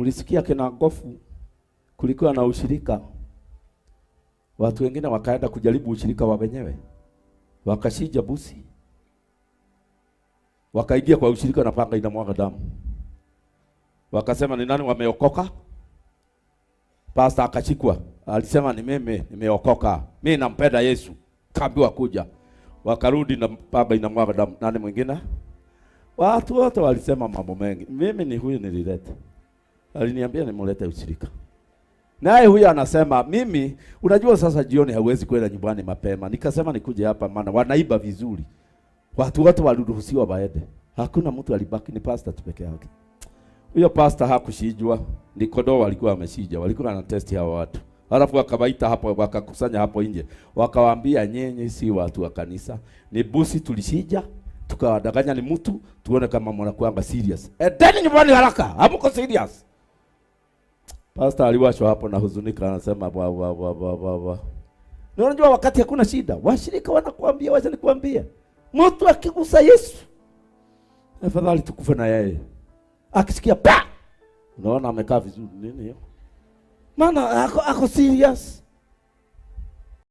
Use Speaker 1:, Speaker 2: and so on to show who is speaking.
Speaker 1: mlisikia kina Gofu kulikuwa na ushirika, watu wengine wakaenda kujaribu ushirika wa wenyewe, wakashija busi, wakaingia kwa ushirika na panga inamwaga damu, wakasema ni nani wameokoka. Pasta akachikwa alisema ni mimi nimeokoka, mimi nampenda Yesu. Kaambiwa kuja, wakarudi na baba inamwaga damu. Nani mwingine? Watu wote walisema mambo mengi, mimi ni huyu nilileta Aliniambia nimlete ushirika. Naye huyu anasema mimi, unajua sasa jioni hauwezi kwenda nyumbani mapema. Nikasema nikuje hapa, maana wanaiba vizuri. Watu wote waliruhusiwa baende. Hakuna mtu alibaki, ni pastor tu peke yake. Huyo pastor hakushijwa, ni kondoo walikuwa wameshija, walikuwa na test hao watu. Halafu wakawaita hapo, wakakusanya hapo nje, wakawaambia nyenye si watu wa kanisa, ni busi tulishija, tukawadanganya ni mtu, tuone kama mwanakuanga serious. Endeni nyumbani haraka, hamko serious. Pastor aliwashwa hapo na huzunika, anasema ba ba ba ba ba ba. unajua wakati hakuna shida, washirika wanakuambia, wacha nikuambia mtu akigusa Yesu afadhali tukufe na yeye. Akisikia pa, unaona amekaa vizuri nini hiyo, maana ako, ako serious